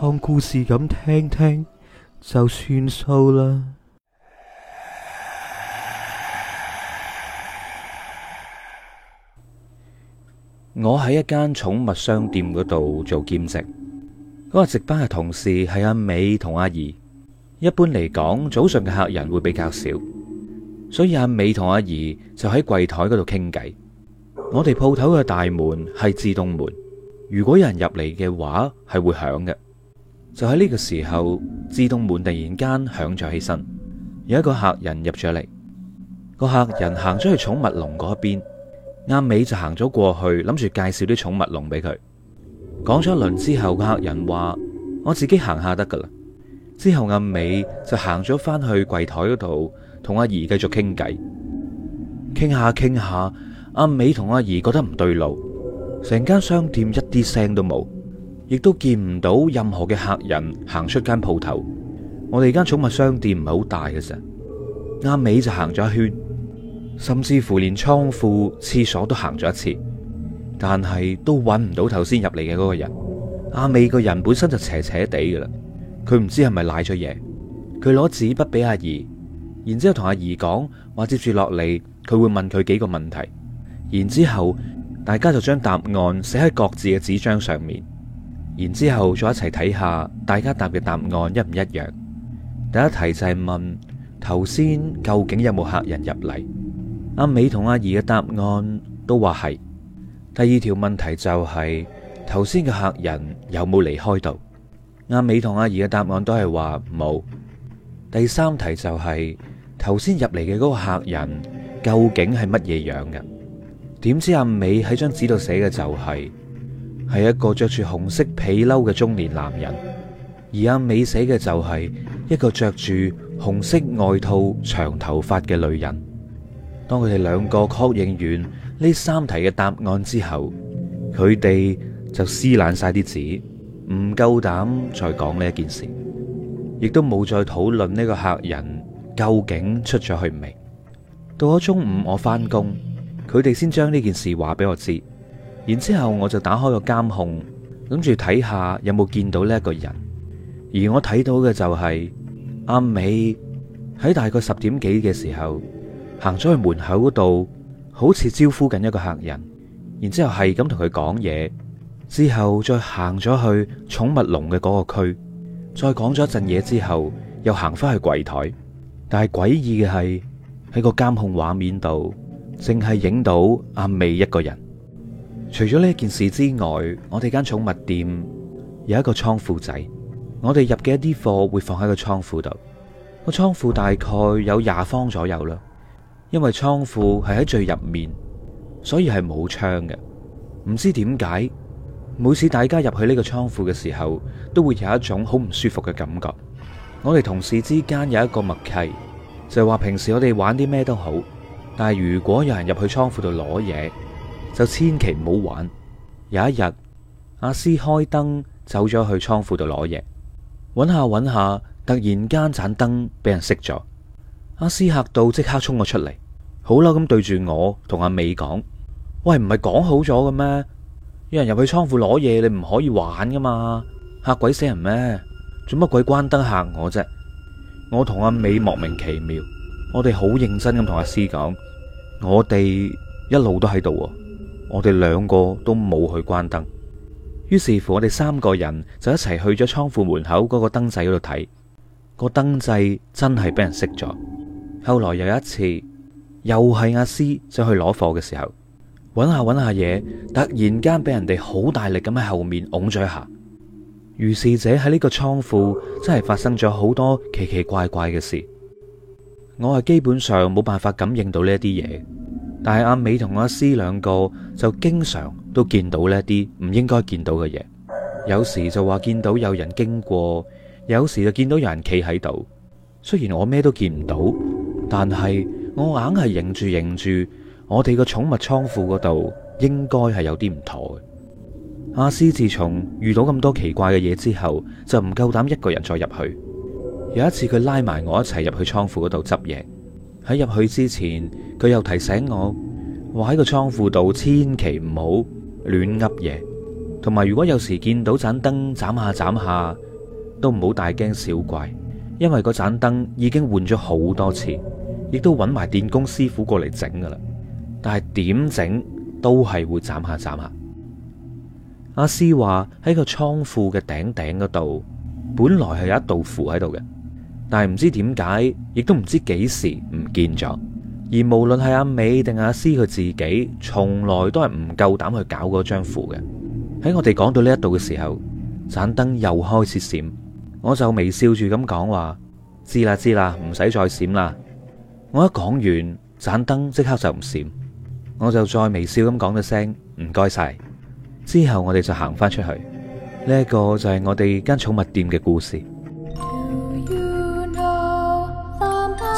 當故事咁聽聽就算數啦。 我喺一間寵物商店嗰度做兼職，嗰、嗰個值班嘅同事係阿美同阿怡。一般嚟講，早上嘅客人會比較少，所以阿美同阿怡就喺櫃台嗰度傾偈。我哋鋪頭嘅大門係自動門，如果有人入嚟嘅話係會響嘅。就喺呢個時候，自動門突然間響咗起身，有一個客人入咗嚟。個客人行咗去寵物籠嗰邊，阿美就行咗過去，諗住介紹啲寵物籠俾佢。講咗一輪之後，個客人話：「我自己行下得噶啦。」之後阿美就行咗翻去櫃台嗰度，同阿怡繼續傾偈。傾下傾下，聊聊美阿美同阿怡覺得唔對路，成間商店一啲聲都冇。亦都見唔到任何嘅客人行出間鋪頭。我哋間寵物商店唔係好大嘅啫。阿美就行咗一圈，甚至乎連倉庫、廁所都行咗一次，但係都揾唔到頭先入嚟嘅嗰個人。阿美個人本身就邪邪哋嘅啦，佢唔知係咪賴咗嘢。佢攞紙筆俾阿儀，然之後同阿儀講話，接住落嚟佢會問佢幾個問題，然之後大家就將答案寫喺各自嘅紙張上面。然之後再一齊睇下大家答嘅答案一唔一樣。第一題就係問頭先究竟有冇客人入嚟？美，阿美同阿兒嘅答案都話係。第二條問題就係頭先嘅客人有冇離開度？美，阿美同阿兒嘅答案都係話冇。第三題就係頭先入嚟嘅嗰個客人究竟係乜嘢樣嘅？點知阿美喺張紙度寫嘅就係、是。係一個着住紅色皮褸嘅中年男人，而阿美寫嘅就係一個着住紅色外套長頭髮嘅女人。當佢哋兩個確認完呢三題嘅答案之後，佢哋就撕爛晒啲紙，唔夠膽再講呢一件事，亦都冇再討論呢個客人究竟出咗去未。到咗中午我翻工，佢哋先將呢件事話俾我知。然之後，我就打開個監控，諗住睇下有冇見到呢一個人。而我睇到嘅就係阿美喺大概十點幾嘅時候行咗去門口嗰度，好似招呼緊一個客人。然之後係咁同佢講嘢，之後再行咗去寵物籠嘅嗰個區，再講咗陣嘢之後，又行翻去櫃枱。但係詭異嘅係喺個監控畫面度，淨係影到阿美一個人。除咗呢件事之外，我哋間寵物店有一個倉庫仔，我哋入嘅一啲貨會放喺個倉庫度。個倉庫大概有廿方左右啦，因為倉庫係喺最入面，所以係冇窗嘅。唔知點解，每次大家入去呢個倉庫嘅時候，都會有一種好唔舒服嘅感覺。我哋同事之間有一個默契，就係話平時我哋玩啲咩都好，但係如果有人入去倉庫度攞嘢，就千祈唔好玩。有一日，阿斯開燈走咗去倉庫度攞嘢，揾下揾下，突然間盞燈俾人熄咗。阿斯嚇到即刻衝我出嚟，好嬲咁對住我同阿美講：喂，唔係講好咗嘅咩？有人入去倉庫攞嘢，你唔可以玩噶嘛？嚇鬼死人咩？做乜鬼關燈嚇我啫？我同阿美莫名其妙，我哋好認真咁同阿斯講，我哋一路都喺度啊。我哋兩個都冇去關燈，於是乎我哋三個人就一齊去咗倉庫門口嗰個燈掣嗰度睇，個燈掣真係俾人熄咗。後來有一次，又係阿斯走去攞貨嘅時候，揾下揾下嘢，突然間俾人哋好大力咁喺後面拱咗一下。如是者喺呢個倉庫真係發生咗好多奇奇怪怪嘅事，我係基本上冇辦法感應到呢一啲嘢。但係阿美同阿詩兩個就經常都見到呢啲唔應該見到嘅嘢，有時就話見到有人經過，有時就見到有人企喺度。雖然我咩都見唔到，但係我硬係認住認住，我哋個寵物倉庫嗰度應該係有啲唔妥嘅。阿詩自從遇到咁多奇怪嘅嘢之後，就唔夠膽一個人再入去。有一次佢拉埋我一齊入去倉庫嗰度執嘢。喺入去之前，佢又提醒我話喺個倉庫度千祈唔好亂噏嘢，同埋如果有時見到盞燈斬下斬下，都唔好大驚小怪，因為個盞燈已經換咗好多次，亦都揾埋電工師傅過嚟整噶啦。但係點整都係會斬下斬下。阿師話喺個倉庫嘅頂頂嗰度，本來係有一道符喺度嘅。但係唔知點解，亦都唔知幾時唔見咗。而無論係阿美定阿斯佢自己，從來都係唔夠膽去搞嗰張符嘅。喺我哋講到呢一度嘅時候，盞燈又開始閃，我就微笑住咁講話：知啦知啦，唔使再閃啦。我一講完，盞燈即刻就唔閃，我就再微笑咁講咗聲：唔該晒。之後我哋就行翻出去，呢一個就係我哋間寵物店嘅故事。